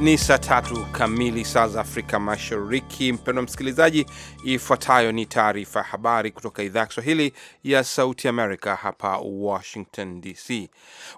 Ni saa tatu kamili saa za Afrika Mashariki. Mpendwa msikilizaji, ifuatayo ni taarifa ya habari kutoka idhaa ya Kiswahili ya Sauti Amerika hapa Washington DC.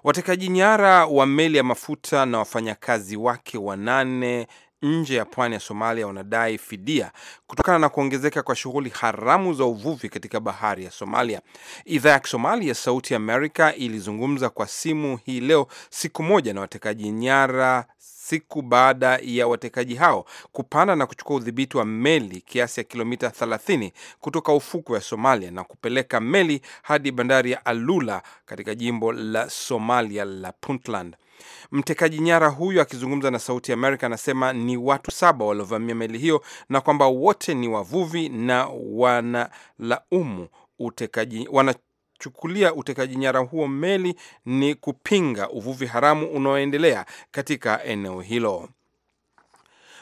Watekaji nyara wa meli ya mafuta na wafanyakazi wake wanane nje ya pwani ya Somalia wanadai fidia kutokana na kuongezeka kwa shughuli haramu za uvuvi katika bahari ya Somalia. Idhaa ya Kisomali ya Sauti Amerika ilizungumza kwa simu hii leo, siku moja na watekaji nyara siku baada ya watekaji hao kupanda na kuchukua udhibiti wa meli kiasi ya kilomita 30 kutoka ufukwe wa Somalia na kupeleka meli hadi bandari ya Alula katika jimbo la Somalia la Puntland. Mtekaji nyara huyu akizungumza na Sauti ya Amerika anasema ni watu saba waliovamia meli hiyo na kwamba wote ni wavuvi na wanalaumu utekaji, wana kuchukulia utekaji nyara huo meli ni kupinga uvuvi haramu unaoendelea katika eneo hilo.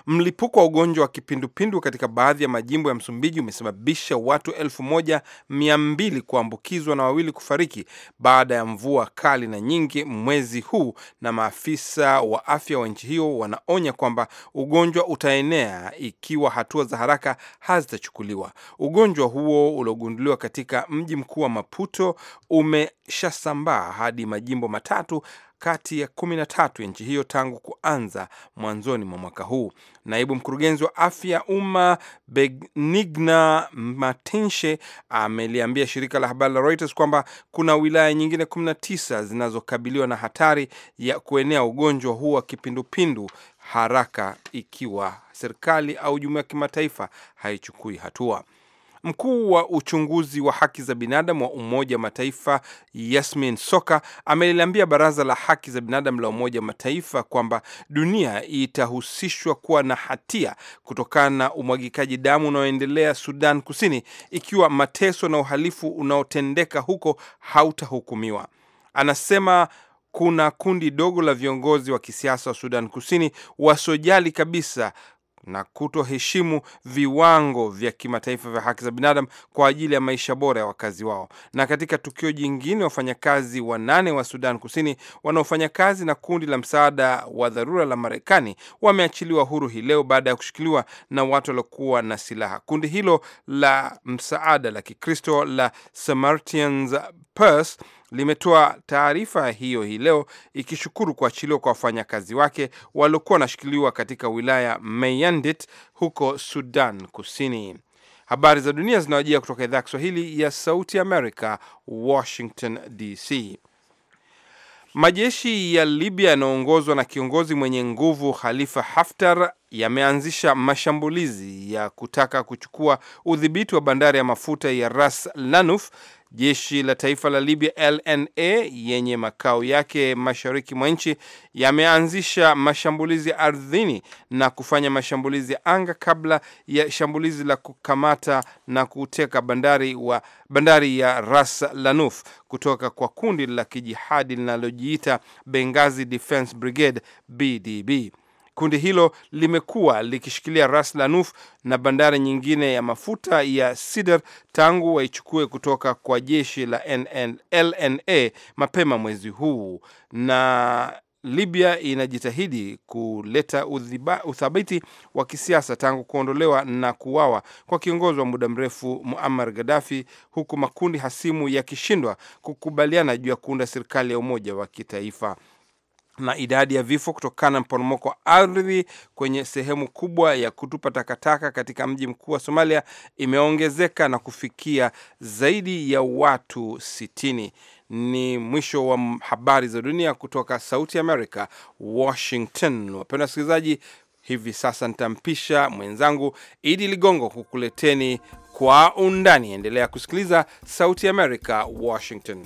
Mlipuko wa ugonjwa wa kipindupindu katika baadhi ya majimbo ya Msumbiji umesababisha watu elfu moja mia mbili kuambukizwa na wawili kufariki baada ya mvua kali na nyingi mwezi huu, na maafisa wa afya wa nchi hiyo wanaonya kwamba ugonjwa utaenea ikiwa hatua za haraka hazitachukuliwa. Ugonjwa huo uliogunduliwa katika mji mkuu wa Maputo umeshasambaa hadi majimbo matatu kati ya kumi na tatu ya nchi hiyo tangu kuanza mwanzoni mwa mwaka huu. Naibu mkurugenzi wa afya ya umma Benigna Matinshe ameliambia shirika la habari la Reuters kwamba kuna wilaya nyingine 19 zinazokabiliwa na hatari ya kuenea ugonjwa huu wa kipindupindu haraka ikiwa serikali au jumuiya ya kimataifa haichukui hatua. Mkuu wa uchunguzi wa haki za binadamu wa Umoja wa Mataifa Yasmin Soka ameliambia Baraza la Haki za Binadamu la Umoja wa Mataifa kwamba dunia itahusishwa kuwa na hatia kutokana na umwagikaji damu unaoendelea Sudan Kusini ikiwa mateso na uhalifu unaotendeka huko hautahukumiwa. Anasema kuna kundi dogo la viongozi wa kisiasa wa Sudan Kusini wasojali kabisa na kutoheshimu viwango vya kimataifa vya haki za binadamu kwa ajili ya maisha bora ya wakazi wao. Na katika tukio jingine, wafanyakazi wanane wa Sudan Kusini wanaofanya kazi na kundi la msaada wa dharura la Marekani wameachiliwa huru hii leo baada ya kushikiliwa na watu waliokuwa na silaha. Kundi hilo la msaada la Kikristo la Samaritan's Purse limetoa taarifa hiyo hii leo ikishukuru kuachiliwa kwa wafanyakazi wake waliokuwa wanashikiliwa katika wilaya Meyandit huko Sudan Kusini. Habari za dunia zinawajia kutoka idhaa ya Kiswahili ya Sauti Amerika, Washington DC. Majeshi ya Libya yanayoongozwa na kiongozi mwenye nguvu Khalifa Haftar yameanzisha mashambulizi ya kutaka kuchukua udhibiti wa bandari ya mafuta ya Ras Lanuf Jeshi la taifa la Libya LNA yenye makao yake mashariki mwa nchi yameanzisha mashambulizi ardhini na kufanya mashambulizi ya anga kabla ya shambulizi la kukamata na kuteka bandari wa bandari ya Ras Lanuf kutoka kwa kundi la kijihadi linalojiita Benghazi Defense Brigade BDB. Kundi hilo limekuwa likishikilia Ras Lanuf na bandari nyingine ya mafuta ya Sidar tangu waichukue kutoka kwa jeshi la LNA mapema mwezi huu na Libya inajitahidi kuleta uthiba, uthabiti wa kisiasa tangu kuondolewa na kuuawa kwa kiongozi wa muda mrefu Muammar Gaddafi, huku makundi hasimu yakishindwa kukubaliana juu ya kuunda serikali ya umoja wa kitaifa na idadi ya vifo kutokana na mporomoko wa ardhi kwenye sehemu kubwa ya kutupa takataka katika mji mkuu wa Somalia imeongezeka na kufikia zaidi ya watu sitini. Ni mwisho wa habari za dunia kutoka Sauti America, Washington. wapenda wasikilizaji, hivi sasa nitampisha mwenzangu Idi Ligongo kukuleteni kwa undani. Endelea kusikiliza Sauti America, Washington.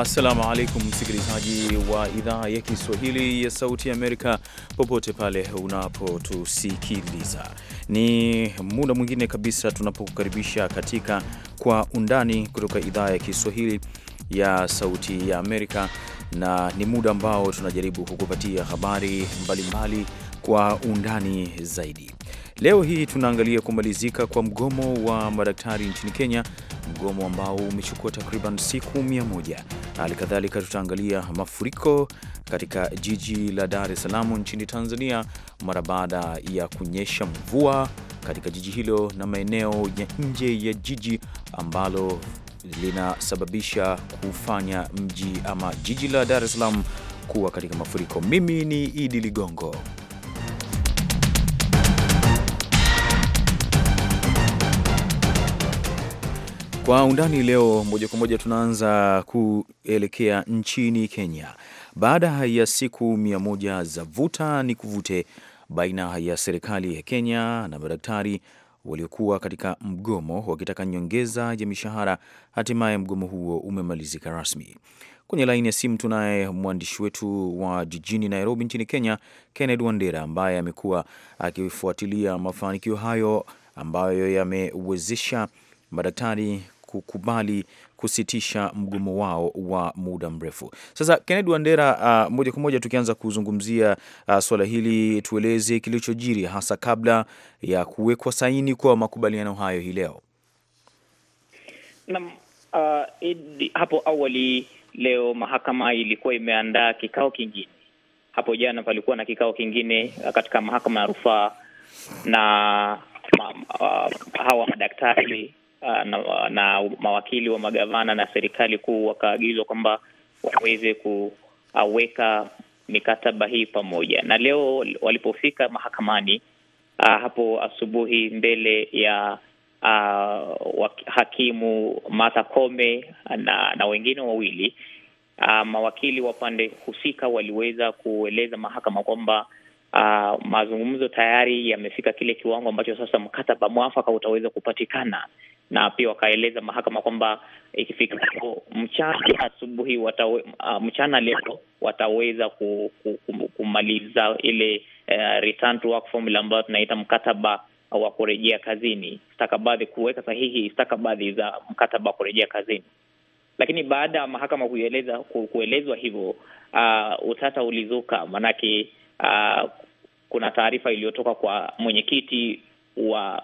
Assalamu alaikum msikilizaji wa idhaa ya Kiswahili ya Sauti ya Amerika, popote pale unapotusikiliza, ni muda mwingine kabisa tunapokukaribisha katika Kwa Undani kutoka idhaa ya Kiswahili ya Sauti ya Amerika, na ni muda ambao tunajaribu kukupatia habari mbalimbali mbali kwa undani zaidi. Leo hii tunaangalia kumalizika kwa mgomo wa madaktari nchini Kenya, mgomo ambao umechukua takriban siku mia moja. Hali kadhalika tutaangalia mafuriko katika jiji la Dar es Salaam nchini Tanzania mara baada ya kunyesha mvua katika jiji hilo na maeneo ya nje ya jiji ambalo linasababisha kufanya mji ama jiji la Dar es Salaam kuwa katika mafuriko. Mimi ni Idi Ligongo. Kwa undani leo, moja kwa moja tunaanza kuelekea nchini Kenya baada ya siku mia moja za vuta ni kuvute baina ya serikali ya Kenya na madaktari waliokuwa katika mgomo wakitaka nyongeza ya mishahara. Hatimaye mgomo huo umemalizika rasmi. Kwenye laini ya simu tunaye mwandishi wetu wa jijini Nairobi nchini Kenya, Kenneth Wandera ambaye amekuwa akifuatilia mafanikio hayo ambayo yamewezesha madaktari kukubali kusitisha mgomo wao wa muda mrefu. Sasa Kennedy Wandera, uh, moja kwa moja tukianza kuzungumzia uh, swala hili, tueleze kilichojiri hasa kabla ya kuwekwa saini kwa makubaliano hayo hii leo. Naam, uh, hapo awali leo mahakama ilikuwa imeandaa kikao kingine. Hapo jana palikuwa na kikao kingine uh, katika mahakama ya rufaa na ma, uh, hawa madaktari Uh, na, na mawakili wa magavana na serikali kuu wakaagizwa kwamba waweze kuweka mikataba hii pamoja, na leo walipofika mahakamani Uh, hapo asubuhi mbele ya uh, hakimu Martha Koome na, na wengine wawili uh, mawakili wa pande husika waliweza kueleza mahakama kwamba uh, mazungumzo tayari yamefika kile kiwango ambacho sasa mkataba mwafaka utaweza kupatikana, na pia wakaeleza mahakama kwamba ikifika mchana asubuhi watawe, uh, mchana leo wataweza ku, ku, ku, kumaliza ile uh, return to work formula ambayo tunaita mkataba wa kurejea kazini, stakabadhi kuweka sahihi stakabadhi za mkataba wa kurejea kazini. Lakini baada ya mahakama kueleza kuelezwa hivyo, uh, utata ulizuka maanake uh, kuna taarifa iliyotoka kwa mwenyekiti wa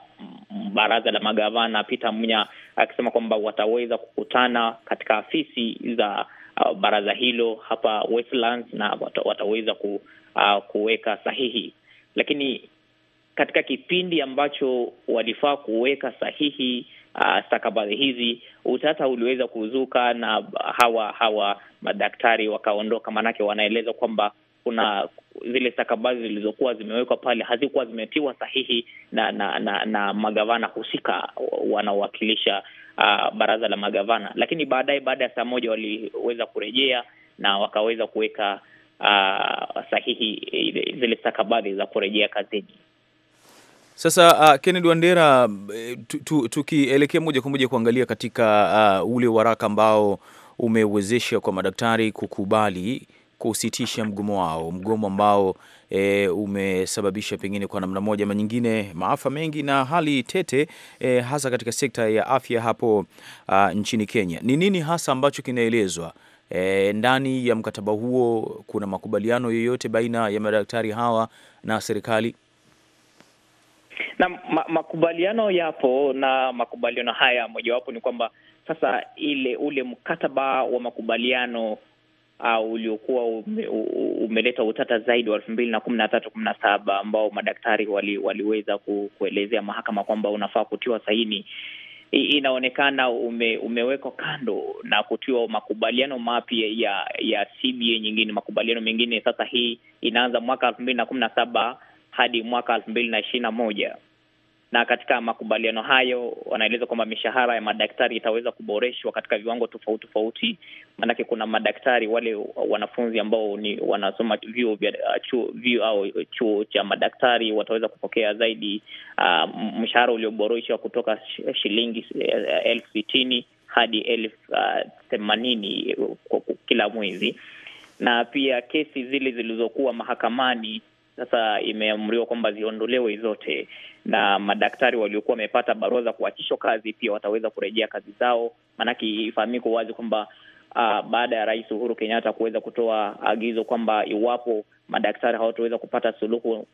baraza la magavana Peter Munya akisema kwamba wataweza kukutana katika afisi za uh, baraza hilo hapa Westlands na wataweza ku, uh, kuweka sahihi, lakini katika kipindi ambacho walifaa kuweka sahihi uh, stakabadhi hizi, utata uliweza kuzuka na hawa hawa madaktari wakaondoka, maanake wanaeleza kwamba kuna zile stakabadhi zilizokuwa zimewekwa pale hazikuwa zimetiwa sahihi na na, na, na magavana husika wanaowakilisha uh, baraza la magavana, lakini baadaye, baada ya saa moja waliweza kurejea na wakaweza kuweka uh, sahihi zile stakabadhi za kurejea kazini. Sasa uh, Kennedy Wandera, tukielekea tu, moja kwa moja kuangalia katika uh, ule waraka ambao umewezesha kwa madaktari kukubali kusitisha mgomo wao, mgomo ambao e, umesababisha pengine kwa namna moja ama nyingine maafa mengi na hali tete e, hasa katika sekta ya afya hapo a, ah, nchini Kenya. Ni nini hasa ambacho kinaelezwa e, ndani ya mkataba huo? Kuna makubaliano yoyote baina ya madaktari hawa na serikali? Na ma, makubaliano yapo na makubaliano haya mojawapo ni kwamba sasa ile ule mkataba wa makubaliano uh, uliokuwa ume, umeleta utata zaidi wa elfu mbili na kumi na tatu kumi na saba ambao madaktari wali, waliweza kuelezea mahakama kwamba unafaa kutiwa saini inaonekana ume, umewekwa kando na kutiwa makubaliano mapya ya ya CBA nyingine, makubaliano mengine. Sasa hii inaanza mwaka elfu mbili na kumi na saba hadi mwaka elfu mbili na ishirini na moja na katika makubaliano hayo wanaeleza kwamba mishahara ya madaktari itaweza kuboreshwa katika viwango tofauti tofauti. Maanake kuna madaktari wale wanafunzi ambao ni wanasoma vyuo vya uh, chuo au chuo cha madaktari wataweza kupokea zaidi uh, mshahara ulioboreshwa kutoka shilingi uh, elfu sitini hadi elfu uh, themanini kila mwezi na pia kesi zile zilizokuwa mahakamani sasa imeamriwa kwamba ziondolewe zote, na madaktari waliokuwa wamepata barua za kuachishwa kazi pia wataweza kurejea kazi zao, maanake ifahamike wazi kwamba Uh, baada ya Rais Uhuru Kenyatta kuweza kutoa agizo kwamba iwapo madaktari hawataweza kupata suluhu,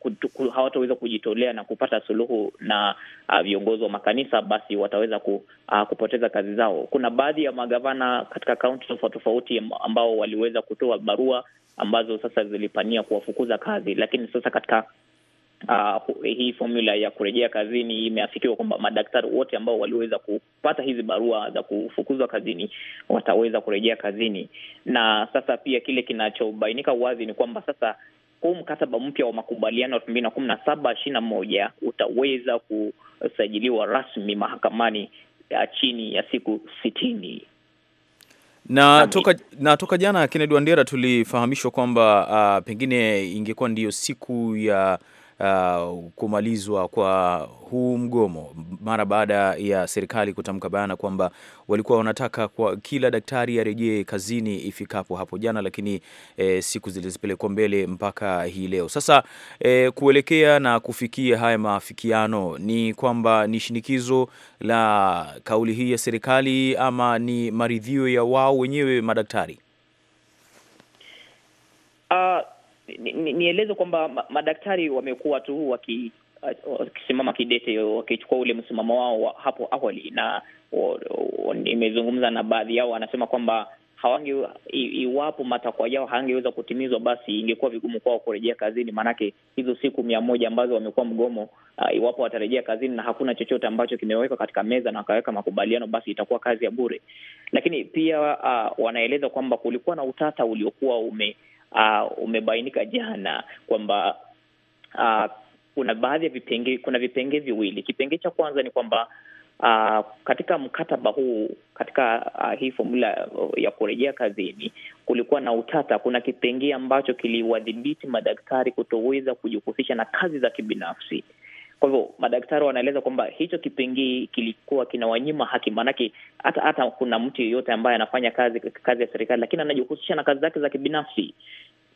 hawataweza kujitolea na kupata suluhu na uh, viongozi wa makanisa, basi wataweza ku, uh, kupoteza kazi zao. Kuna baadhi ya magavana katika kaunti tofauti tofauti ambao waliweza kutoa barua ambazo sasa zilipania kuwafukuza kazi, lakini sasa katika Uh, hii formula ya kurejea kazini imeafikiwa kwamba madaktari wote ambao waliweza kupata hizi barua za kufukuzwa kazini wataweza kurejea kazini. Na sasa pia kile kinachobainika wazi ni kwamba sasa huu mkataba mpya wa makubaliano elfu mbili na kumi na saba ishirini na moja utaweza kusajiliwa rasmi mahakamani ah, chini ya siku sitini na toka, na toka jana Kennedy Wandera tulifahamishwa kwamba uh, pengine ingekuwa ndiyo siku ya uh, kumalizwa kwa huu mgomo mara baada ya serikali kutamka bayana kwamba walikuwa wanataka kwa kila daktari arejee kazini ifikapo hapo jana, lakini e, siku zilizopelekwa mbele mpaka hii leo. Sasa e, kuelekea na kufikia haya maafikiano ni kwamba ni shinikizo la kauli hii ya serikali ama ni maridhio ya wao wenyewe madaktari? Uh, nieleze ni, ni kwamba madaktari wamekuwa tu waki uh, wakisimama kidete wakichukua ule msimamo wao wa hapo awali, na nimezungumza na baadhi yao, wanasema kwamba hawange iwapo matakwa yao hawangeweza kutimizwa, basi ingekuwa vigumu kwao kurejea kazini, maanake hizo siku mia moja ambazo wamekuwa mgomo, uh, iwapo watarejea kazini na hakuna chochote ambacho kimewekwa katika meza na wakaweka makubaliano, basi itakuwa kazi ya bure. Lakini pia uh, wanaeleza kwamba kulikuwa na utata uliokuwa ume uh, umebainika jana kwamba uh, kuna baadhi ya vipenge, kuna vipengee viwili. Kipengee cha kwanza ni kwamba Uh, katika mkataba huu katika uh, hii fomula oh, ya kurejea kazini kulikuwa na utata. Kuna kipengee ambacho kiliwadhibiti madaktari kutoweza kujihusisha na kazi za kibinafsi, kwa hivyo madaktari wanaeleza kwamba hicho kipengee kilikuwa kinawanyima haki, maanake hata hata kuna mtu yeyote ambaye anafanya kazi kazi ya serikali, lakini anajihusisha na kazi zake za kibinafsi.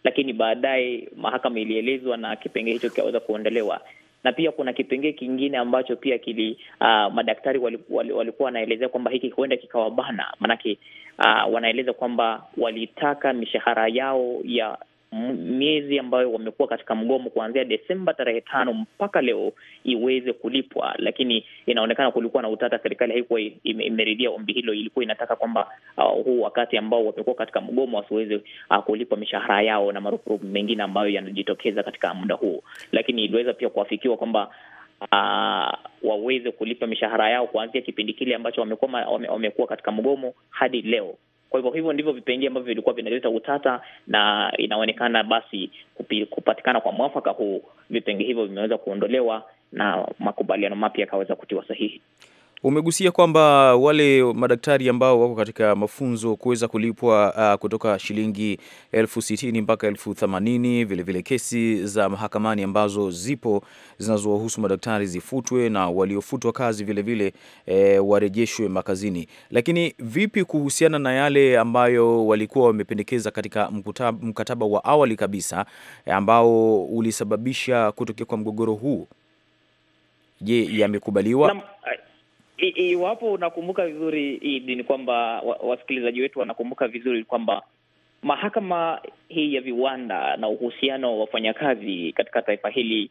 Lakini baadaye mahakama ilielezwa na kipengee hicho kikaweza kuondolewa na pia kuna kipengee kingine ambacho pia kili uh, madaktari walikuwa wanaelezea kwamba hiki huenda kikawabana, maanake uh, wanaeleza kwamba walitaka mishahara yao ya miezi ambayo wamekuwa katika mgomo kuanzia Desemba tarehe tano mpaka leo iweze kulipwa, lakini inaonekana kulikuwa na utata. Serikali haikuwa imeridhia ombi hilo, ilikuwa inataka kwamba uh, huu wakati ambao wamekuwa katika mgomo wasiweze uh, kulipwa mishahara yao na marupurupu mengine ambayo yanajitokeza katika muda huu, lakini iliweza pia kuafikiwa kwamba Uh, waweze kulipa mishahara yao kuanzia kipindi kile ambacho wamekuwa wamekuwa katika mgomo hadi leo. Kwa hivyo hivyo ndivyo vipengee ambavyo vilikuwa vinaleta utata, na inaonekana basi kupi, kupatikana kwa mwafaka huu vipengee hivyo vimeweza kuondolewa na makubaliano mapya yakaweza kutiwa sahihi. Umegusia kwamba wale madaktari ambao wako katika mafunzo kuweza kulipwa uh, kutoka shilingi elfu sitini mpaka elfu themanini vilevile kesi za mahakamani ambazo zipo zinazowahusu madaktari zifutwe na waliofutwa kazi vilevile vile, eh, warejeshwe makazini. Lakini vipi kuhusiana na yale ambayo walikuwa wamependekeza katika mkutaba, mkataba wa awali kabisa eh, ambao ulisababisha kutokea kwa mgogoro huu? Je, yamekubaliwa? iwapo unakumbuka vizuri Idi, ni kwamba wasikilizaji wetu wanakumbuka vizuri kwamba mahakama hii ya viwanda na uhusiano wa wafanyakazi katika taifa hili,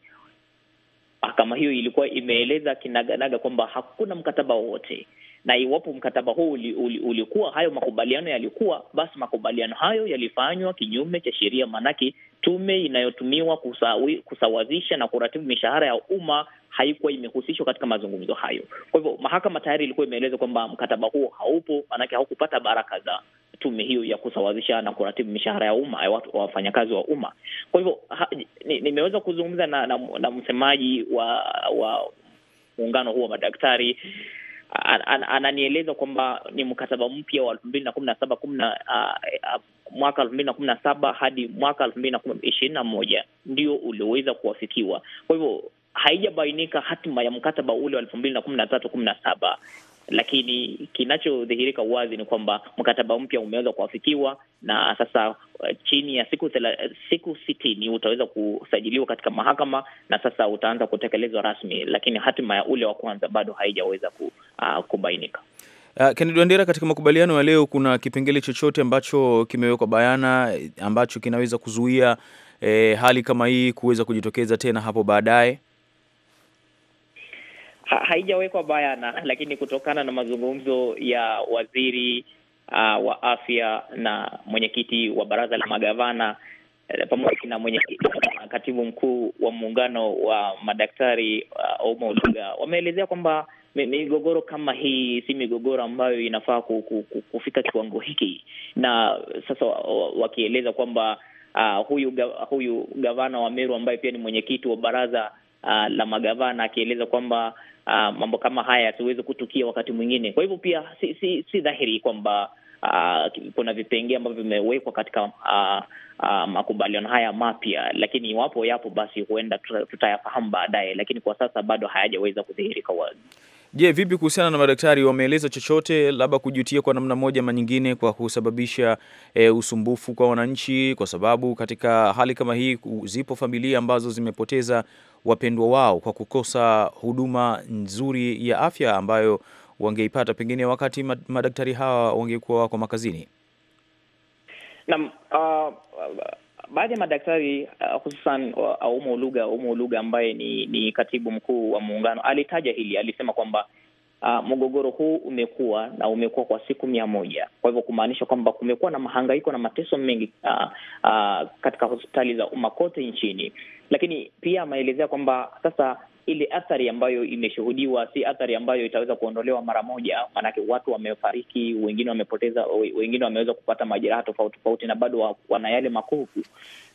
mahakama hiyo ilikuwa imeeleza kinaganaga kwamba hakuna mkataba wowote na iwapo mkataba huu uli, uli, ulikuwa hayo makubaliano yalikuwa, basi makubaliano hayo yalifanywa kinyume cha sheria, maanake tume inayotumiwa kusawi, kusawazisha na kuratibu mishahara ya umma haikuwa imehusishwa katika mazungumzo hayo. Kwa hivyo mahakama tayari ilikuwa imeeleza kwamba mkataba huo haupo, maanake haukupata baraka za tume hiyo ya kusawazisha na kuratibu mishahara ya umma watu wafanyakazi wa umma. Kwa hivyo nimeweza ni kuzungumza na, na, na msemaji wa, wa muungano huo wa madaktari ananieleza kwamba ni mkataba mpya wa elfu mbili na kumi na saba kumi na mwaka elfu mbili na kumi na saba hadi mwaka elfu mbili na ishirini na moja ndio ulioweza kuwafikiwa. Kwa hivyo haijabainika hatima ya mkataba ule wa elfu mbili na kumi na tatu kumi na saba lakini kinachodhihirika wazi ni kwamba mkataba mpya umeweza kuafikiwa na sasa uh, chini ya siku thela, siku sitini utaweza kusajiliwa katika mahakama na sasa utaanza kutekelezwa rasmi, lakini hatima ya ule wa kwanza bado haijaweza ku, uh, kubainika. Uh, Kennedy Wandera, katika makubaliano ya leo kuna kipengele chochote ambacho kimewekwa bayana ambacho kinaweza kuzuia eh, hali kama hii kuweza kujitokeza tena hapo baadaye? ha, haijawekwa bayana, lakini kutokana na mazungumzo ya waziri uh, wa afya na mwenyekiti wa baraza la magavana eh, pamoja na mwenyekiti na uh, katibu mkuu wa muungano wa madaktari uh, Ouma Odinga wameelezea kwamba migogoro kama hii si migogoro ambayo inafaa kufika kiwango hiki, na sasa wakieleza kwamba uh, huyu, huyu gavana wa Meru ambaye pia ni mwenyekiti wa baraza uh, la magavana akieleza kwamba uh, mambo kama haya yasiwezi kutukia wakati mwingine. Kwa hivyo pia si, si, si dhahiri kwamba uh, kuna vipengee ambavyo vimewekwa katika uh, uh, makubaliano haya mapya, lakini iwapo yapo basi huenda tutayafahamu baadaye, lakini kwa sasa bado hayajaweza kudhihirika wazi. Je, vipi kuhusiana na madaktari? Wameeleza chochote labda kujutia kwa namna moja ama nyingine kwa kusababisha e, usumbufu kwa wananchi? Kwa sababu katika hali kama hii zipo familia ambazo zimepoteza wapendwa wao kwa kukosa huduma nzuri ya afya ambayo wangeipata pengine wakati madaktari hawa wangekuwa wako makazini. Naam, uh, baadhi ya madaktari uh, hususan Auma uh, Uluga, Auma Uluga ambaye ni, ni katibu mkuu wa muungano alitaja hili, alisema kwamba uh, mgogoro huu umekuwa na umekuwa kwa siku mia moja. Kwa hivyo kumaanisha kwamba kumekuwa na mahangaiko na mateso mengi uh, uh, katika hospitali za umma kote nchini, lakini pia ameelezea kwamba sasa ile athari ambayo imeshuhudiwa si athari ambayo itaweza kuondolewa mara moja, maanake watu wamefariki, wengine wamepoteza, wengine wameweza kupata majeraha tofauti tofauti na bado wana yale makovu.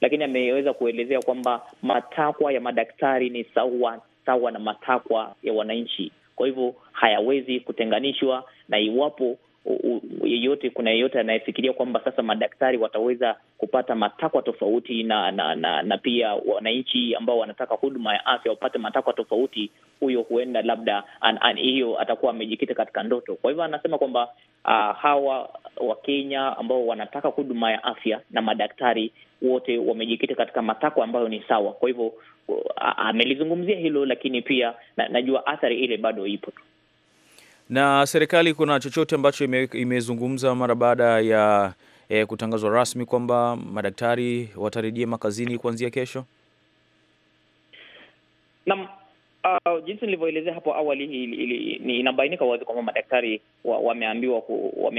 Lakini ameweza kuelezea kwamba matakwa ya madaktari ni sawa sawa na matakwa ya wananchi. Kwa hivyo hayawezi kutenganishwa, na iwapo yeyote, kuna yeyote anayefikiria kwamba sasa madaktari wataweza kupata matakwa tofauti na na, na, na pia wananchi ambao wanataka huduma ya afya wapate matakwa tofauti, huyo huenda labda hiyo atakuwa amejikita katika ndoto. Kwa hivyo anasema kwamba uh, hawa Wakenya ambao wanataka huduma ya afya na madaktari wote wamejikita katika matakwa ambayo ni sawa. Kwa hivyo amelizungumzia hilo, lakini pia na, najua athari ile bado ipo tu. Na serikali kuna chochote ambacho ime, imezungumza mara baada ya e, kutangazwa rasmi kwamba madaktari watarejia makazini kuanzia kesho? Naam. Uh, jinsi nilivyoelezea hapo awali inabainika wazi kwamba madaktari wameambiwa wa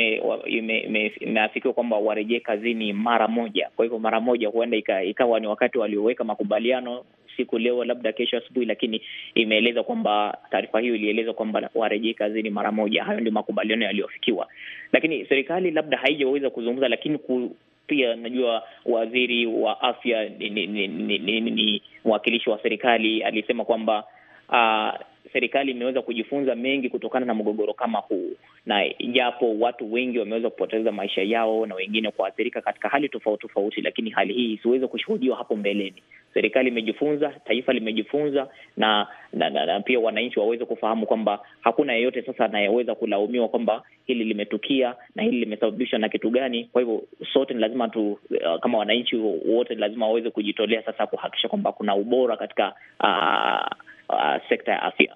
imeafikiwa kwamba warejee kazini mara moja. Kwa hivyo mara moja huenda ika, ikawa ni wakati walioweka makubaliano siku leo, labda kesho asubuhi, lakini imeeleza kwamba taarifa hiyo ilieleza kwamba warejee kazini mara moja. Hayo ndio makubaliano yaliyofikiwa, lakini serikali labda haijaweza kuzungumza, lakini ku pia najua waziri wa afya ni, ni, ni, ni, ni, ni mwakilishi wa serikali alisema kwamba uh, serikali imeweza kujifunza mengi kutokana na mgogoro kama huu, na japo watu wengi wameweza kupoteza maisha yao na wengine kuathirika katika hali tofauti tofauti, lakini hali hii isiweze kushuhudiwa hapo mbeleni serikali imejifunza, taifa limejifunza na na, na, na pia wananchi waweze kufahamu kwamba hakuna yeyote sasa anayeweza kulaumiwa kwamba hili limetukia na hili limesababishwa na kitu gani. Kwa hivyo sote ni lazima tu, uh, kama wananchi wote lazima waweze kujitolea sasa kuhakikisha kwamba kuna ubora katika uh, uh, sekta ya afya.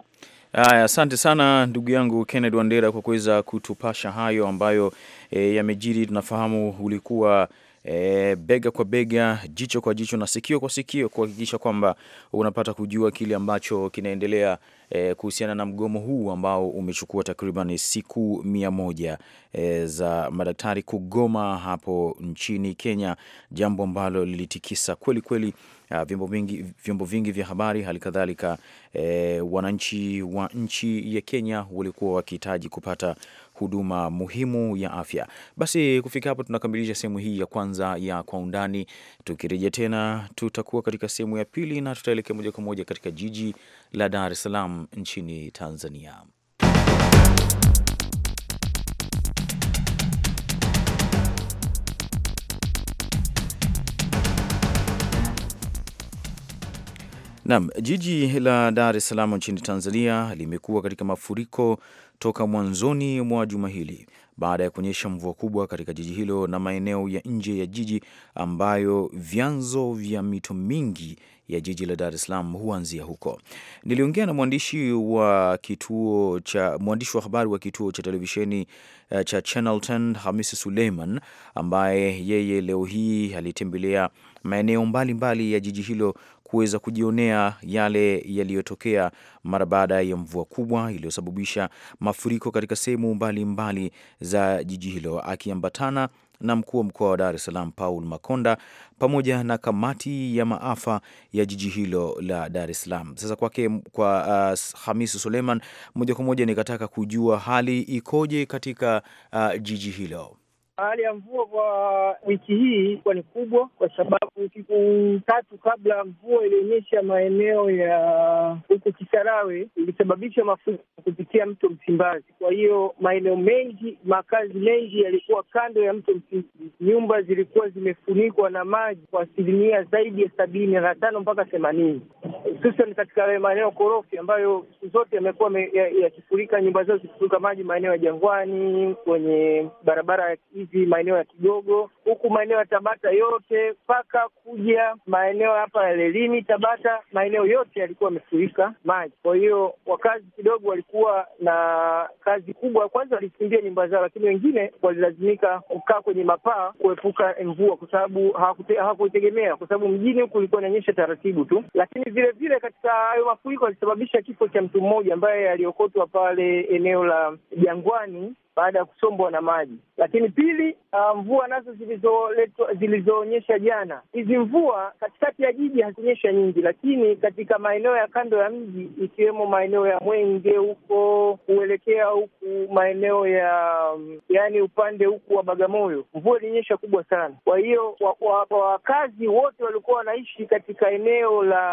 Haya, asante sana ndugu yangu kenned Wandera kwa kuweza kutupasha hayo ambayo, eh, yamejiri. Tunafahamu ulikuwa e, bega kwa bega, jicho kwa jicho na sikio kwa sikio, kuhakikisha kwamba unapata kujua kile ambacho kinaendelea e, kuhusiana na mgomo huu ambao umechukua takriban siku mia moja e, za madaktari kugoma hapo nchini Kenya, jambo ambalo lilitikisa kweli kweli vyombo vingi, vyombo vingi vya habari hali kadhalika e, wananchi wa nchi ya Kenya walikuwa wakihitaji kupata huduma muhimu ya afya. Basi kufika hapo, tunakamilisha sehemu hii ya kwanza ya Kwa Undani. Tukirejea tena, tutakuwa katika sehemu ya pili na tutaelekea moja kwa moja katika jiji la Dar es Salaam nchini Tanzania. Nam, jiji la Dar es Salaam nchini Tanzania limekuwa katika mafuriko toka mwanzoni mwa juma hili baada ya kuonyesha mvua kubwa katika jiji hilo na maeneo ya nje ya jiji ambayo vyanzo vya mito mingi ya jiji la Dar es Salaam huanzia huko. Niliongea na mwandishi wa kituo cha mwandishi wa habari wa kituo cha televisheni uh, cha Channel 10 Hamisi Suleiman ambaye yeye leo hii alitembelea maeneo mbalimbali ya jiji hilo kuweza kujionea yale yaliyotokea mara baada ya mvua kubwa iliyosababisha mafuriko katika sehemu mbalimbali za jiji hilo, akiambatana na mkuu wa mkoa wa Dar es Salaam Paul Makonda pamoja na kamati ya maafa ya jiji hilo la Dar es Salaam. Sasa kwake kwa, kwa uh, Hamisi Suleiman, moja kwa moja nikataka kujua hali ikoje katika uh, jiji hilo. Hali ya mvua kwa wiki hii ilikuwa ni kubwa, kwa sababu siku tatu kabla mvua ilionyesha maeneo ya huku Kisarawe ilisababisha mafuriko kupitia mto Msimbazi. Kwa hiyo maeneo mengi, makazi mengi yalikuwa kando ya mto Msimbazi, nyumba zilikuwa zimefunikwa na maji kwa asilimia zaidi ya sabini na tano mpaka themanini, hususan katika maeneo korofi ambayo siku zote yamekuwa yakifurika, nyumba zao zikifurika maji, maeneo ya Jangwani, kwenye barabara ya Msimbazi, maeneo ya Kigogo, huku maeneo ya Tabata yote mpaka kuja maeneo hapa ya Lelini, Tabata, maeneo yote yalikuwa yamefurika maji. Kwa hiyo wakazi kidogo walikuwa na kazi kubwa, kwanza walikimbia nyumba zao, lakini wengine walilazimika kukaa kwenye mapaa kuepuka mvua, kwa sababu hawakuitegemea, kwa sababu mjini huku ulikuwa inanyesha taratibu tu. Lakini vile vile katika hayo mafuriko yalisababisha kifo cha mtu mmoja ambaye aliokotwa pale eneo la Jangwani baada ya kusombwa na maji. Lakini pili, uh, mvua nazo zilizoletwa zilizoonyesha jana, hizi mvua katikati ya jiji hazinyesha nyingi, lakini katika maeneo ya kando ya mji ikiwemo maeneo ya Mwenge huko kuelekea huku maeneo ya um, yani upande huku wa Bagamoyo, mvua ilinyesha kubwa sana. Kwa hiyo wakazi wa, wa, wote walikuwa wanaishi katika eneo la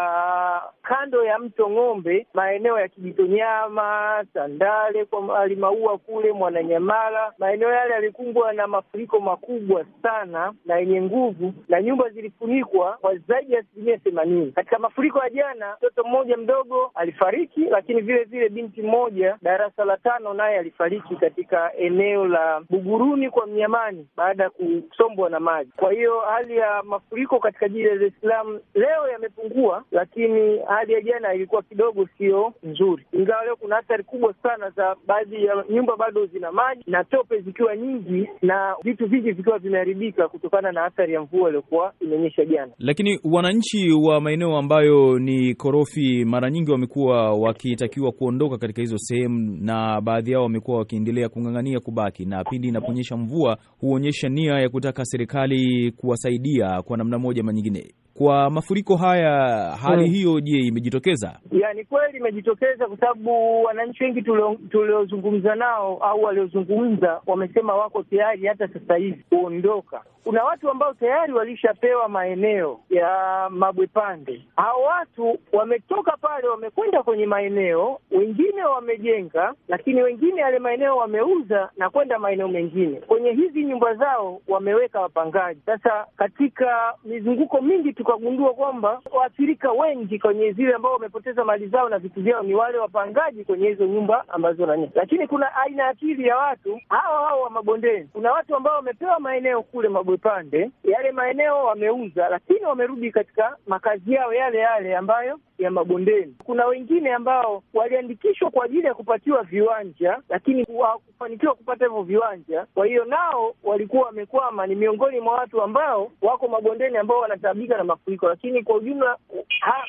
uh, kando ya mto Ng'ombe, maeneo ya Kijitonyama, Sandale, kwa Alimaua kule mwana Manyamala. Maeneo yale yalikumbwa na mafuriko makubwa sana na yenye nguvu, na nyumba zilifunikwa kwa zaidi ya asilimia themanini. Katika mafuriko ya jana, mtoto mmoja mdogo alifariki, lakini vile vile binti mmoja darasa la tano naye alifariki katika eneo la Buguruni kwa Mnyamani baada ya kusombwa na maji. Kwa hiyo hali ya mafuriko katika jiji la Dar es Salaam leo yamepungua, lakini hali ya jana ilikuwa kidogo sio nzuri, ingawa leo kuna athari kubwa sana za baadhi ya nyumba bado zina maji na tope zikiwa nyingi na vitu vingi vikiwa vimeharibika kutokana na athari ya mvua iliyokuwa imeonyesha jana. Lakini wananchi wa maeneo ambayo ni korofi mara nyingi wamekuwa wakitakiwa kuondoka katika hizo sehemu, na baadhi yao wamekuwa wakiendelea kung'ang'ania kubaki, na pindi inaponyesha mvua huonyesha nia ya kutaka serikali kuwasaidia kwa namna moja ama nyingine. Kwa mafuriko haya hali hmm, hiyo je, imejitokeza? Ya, ni kweli imejitokeza, kwa sababu wananchi wengi tuliozungumza nao au waliozungumza wamesema wako tayari hata sasa hivi kuondoka. Kuna watu ambao tayari walishapewa maeneo ya mabwepande. Hao watu wametoka pale, wamekwenda kwenye maeneo, wengine wamejenga, lakini wengine yale maeneo wameuza na kwenda maeneo mengine. Kwenye hizi nyumba zao wameweka wapangaji. Sasa katika mizunguko mingi tukagundua kwamba waathirika wengi kwenye zile ambao wamepoteza mali zao na vitu vyao ni wale wapangaji kwenye hizo nyumba ambazo nani. lakini kuna aina ya ya watu hawa hao wa mabondeni. Kuna watu ambao wamepewa maeneo kule Mabwepande, yale maeneo wameuza, lakini wamerudi katika makazi yao yale yale ambayo ya mabondeni. Kuna wengine ambao waliandikishwa kwa ajili ya kupatiwa viwanja, lakini hawakufanikiwa kupata hivyo viwanja, kwa hiyo nao walikuwa wamekwama. Ni miongoni mwa watu ambao wako mabondeni ambao wanataabika na mafuriko, lakini kwa ujumla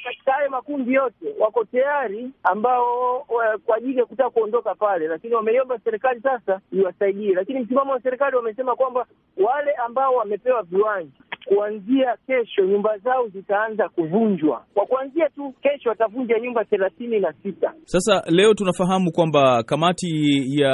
katika hayo makundi yote wako tayari ambao kwa ajili ya kutaka kuondoka pale, lakini wameiomba serikali sasa iwasaidie. Lakini msimamo wa serikali wamesema kwamba wale ambao wamepewa viwanja kuanzia kesho nyumba zao zitaanza kuvunjwa. Kwa kuanzia tu kesho watavunja nyumba thelathini na sita. Sasa leo tunafahamu kwamba kamati ya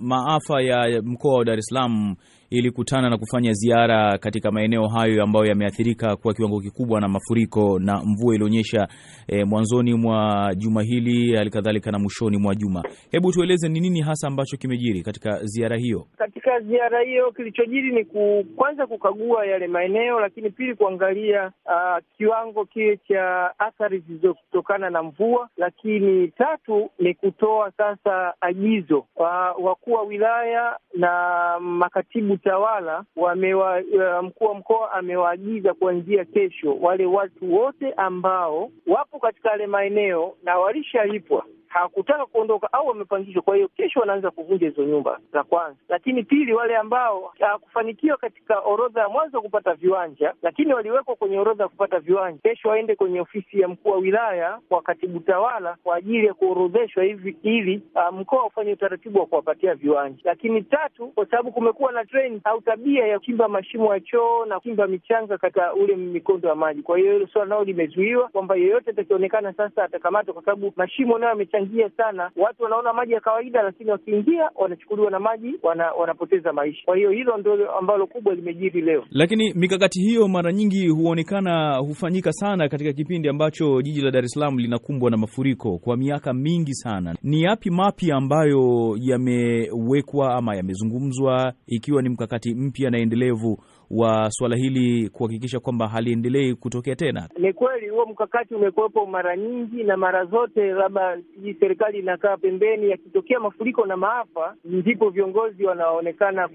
maafa ya mkoa wa Dar es Salaam ilikutana na kufanya ziara katika maeneo hayo ambayo yameathirika kwa kiwango kikubwa na mafuriko na mvua ilionyesha e, mwanzoni mwa juma hili halikadhalika na mwishoni mwa juma. Hebu tueleze ni nini hasa ambacho kimejiri katika ziara hiyo? Katika ziara hiyo kilichojiri ni ku, kwanza kukagua yale maeneo, lakini pili kuangalia uh, kiwango kile cha athari zilizotokana na mvua, lakini tatu ni kutoa sasa agizo ah, wakuu wa wilaya na makatibu utawala wamewa, uh, mkuu wa mkoa amewaagiza kuanzia kesho wale watu wote ambao wapo katika yale maeneo na walishalipwa hawakutaka kuondoka au wamepangishwa. Kwa hiyo kesho wanaanza kuvunja hizo nyumba za kwanza. Lakini pili, wale ambao hawakufanikiwa katika orodha ya mwanzo kupata viwanja, lakini waliwekwa kwenye orodha ya kupata viwanja, kesho waende kwenye ofisi ya mkuu wa wilaya kwa katibu tawala kwa ajili ya kuorodheshwa hivi ili uh, mkoa ufanye utaratibu wa kuwapatia viwanja. Lakini tatu, kwa sababu kumekuwa na treni au tabia ya kuchimba mashimo ya choo na kuchimba michanga katika ule mikondo ya maji, kwa hiyo hilo swala nao limezuiwa kwamba yeyote atakionekana sasa atakamatwa, kwa sababu mashimo nayo inachangia sana, watu wanaona maji ya kawaida, lakini wakiingia wanachukuliwa na maji wana, wanapoteza maisha. Kwa hiyo hilo ndio ambalo kubwa limejiri leo. Lakini mikakati hiyo mara nyingi huonekana hufanyika sana katika kipindi ambacho jiji la Dar es Salaam linakumbwa na mafuriko kwa miaka mingi sana. Ni yapi mapya ambayo yamewekwa ama yamezungumzwa, ikiwa ni mkakati mpya na endelevu wa suala hili kuhakikisha kwamba haliendelei kutokea tena? Ni kweli huo mkakati umekuwepo mara nyingi na mara zote, labda hii serikali inakaa pembeni, yakitokea mafuriko na maafa, ndipo viongozi wanaonekana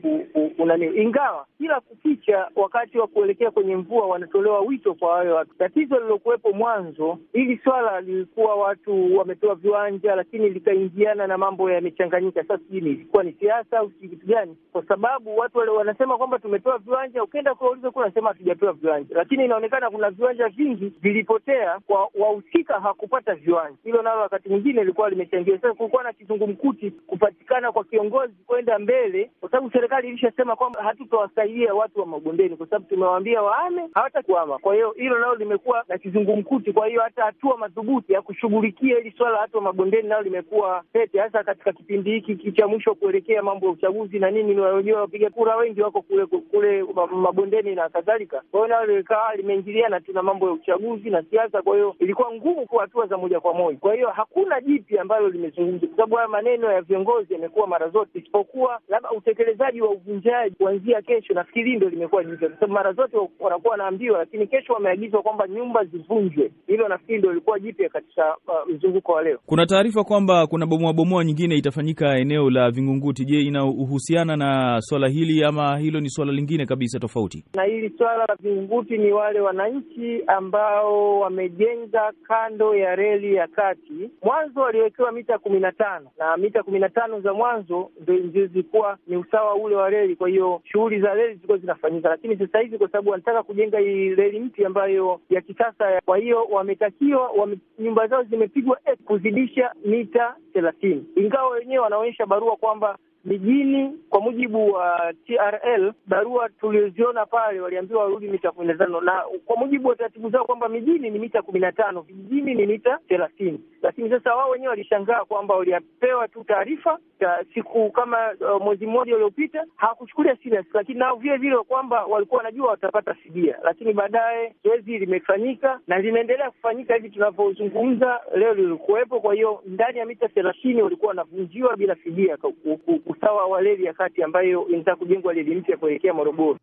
kunani ku, ingawa kila kukicha, wakati wa kuelekea kwenye mvua, wanatolewa wito kwa wale watu. Tatizo lilokuwepo mwanzo, hili swala lilikuwa watu wamepewa viwanja, lakini likaingiana na mambo yamechanganyika. Sasa sijui ilikuwa ni siasa au kitu gani, kwa sababu watu wale wanasema kwamba tumepewa viwanja ukienda kuwauliza kuwa nasema hatujapewa viwanja, lakini inaonekana kuna viwanja vingi vilipotea kwa wahusika hakupata viwanja. Hilo nalo wakati mwingine ilikuwa limechangia. Sasa kulikuwa na kizungumkuti kupatikana kwa kiongozi kwenda mbele, kwa sababu serikali ilishasema kwamba hatutawasaidia watu wa mabondeni kwa sababu tumewaambia waame, hawatakuama. Kwa hiyo hilo nalo limekuwa na kizungumkuti. Kwa hiyo hata hatua madhubuti ya kushughulikia hili swala la watu wa mabondeni nalo limekuwa tete, hasa katika kipindi hiki cha mwisho kuelekea mambo ya uchaguzi na nini. Wenyewe wapiga kura wengi wako kule kule mabondeni na kadhalika. Kwa hiyo nalo likawa limeingiliana tu na mambo ya uchaguzi na siasa, kwa hiyo ilikuwa ngumu kwa hatua za moja kwa moja. Kwa hiyo hakuna jipya ambalo limezungumzwa, kwa sababu haya maneno ya viongozi yamekuwa mara zote, isipokuwa labda utekelezaji wa uvunjaji kuanzia kesho, nafikiri ndio limekuwa jipya, kwa sababu mara zote wanakuwa wanaambiwa, lakini kesho wameagizwa kwamba nyumba zivunjwe. Hilo nafikiri ndio ilikuwa jipya katika uh, mzunguko wa leo. Kuna taarifa kwamba kuna bomoa bomoa nyingine itafanyika eneo la Vingunguti. Je, inahusiana na swala hili ama hilo ni swala lingine kabisa? tofauti. Na hili swala la vingunguti ni wale wananchi ambao wamejenga kando ya reli ya kati. Mwanzo waliwekewa mita kumi na tano na mita kumi na tano za mwanzo ndio zilikuwa ni usawa ule wa reli, kwa hiyo shughuli za reli zilikuwa zinafanyika, lakini sasa hivi kwa sababu wanataka kujenga hii reli mpya ambayo ya kisasa, kwa hiyo wametakiwa wame, nyumba zao zimepigwa eh, kuzidisha mita thelathini, ingawa wenyewe wanaonyesha barua kwamba mijini. Kwa mujibu wa TRL, barua tulioziona pale, waliambiwa warudi mita kumi na tano na kwa mujibu wa taratibu zao kwamba mijini ni mita kumi na tano vijijini ni mita thelathini Lakini sasa wao wenyewe walishangaa kwamba waliapewa tu taarifa ta siku kama uh, mwezi mmoja uliopita, hawakuchukulia serious, lakini nao vile vile kwamba walikuwa wanajua watapata fidia, lakini baadaye zoezi limefanyika na linaendelea kufanyika hivi tunavyozungumza leo, lilikuwepo. Kwa hiyo ndani ya mita thelathini walikuwa wanavunjiwa bila fidia usawa wa reli ya kati ambayo inataka kujengwa reli mpya kuelekea Morogoro.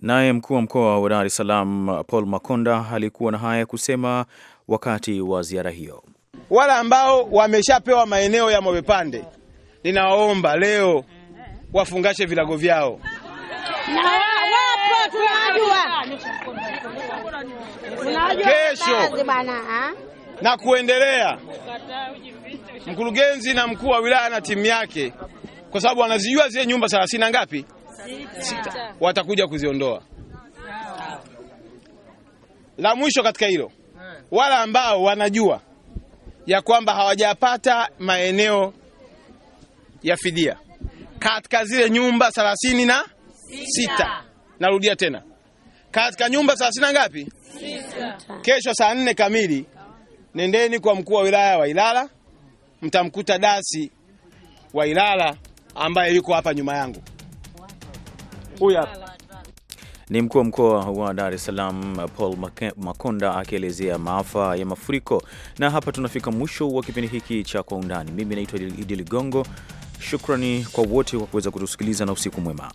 Naye mkuu wa mkoa wa Dar es Salaam Paul Makonda alikuwa na haya ya kusema wakati wa ziara hiyo. Wale ambao wameshapewa maeneo ya Mwepande, pande, ninawaomba leo wafungashe vilago vyao kesho na kuendelea. Mkurugenzi na mkuu wa wilaya na timu yake kwa sababu wanazijua zile nyumba thelathini na ngapi, sita, watakuja kuziondoa. La mwisho katika hilo, wale ambao wanajua ya kwamba hawajapata maeneo ya fidia katika zile nyumba thelathini na sita, narudia tena katika nyumba thelathini na ngapi, sita. Kesho saa nne kamili nendeni kwa mkuu wa wilaya wa Ilala, mtamkuta dasi wa Ilala ambaye yuko hapa nyuma yangu, huyu hapa ni mkuu wa mkoa wa Dar es Salaam Paul Makonda akielezea maafa ya mafuriko. Na hapa tunafika mwisho wa kipindi hiki cha Kwa Undani. Mimi naitwa Idi Ligongo. Shukrani kwa wote kwa kuweza kutusikiliza na usiku mwema.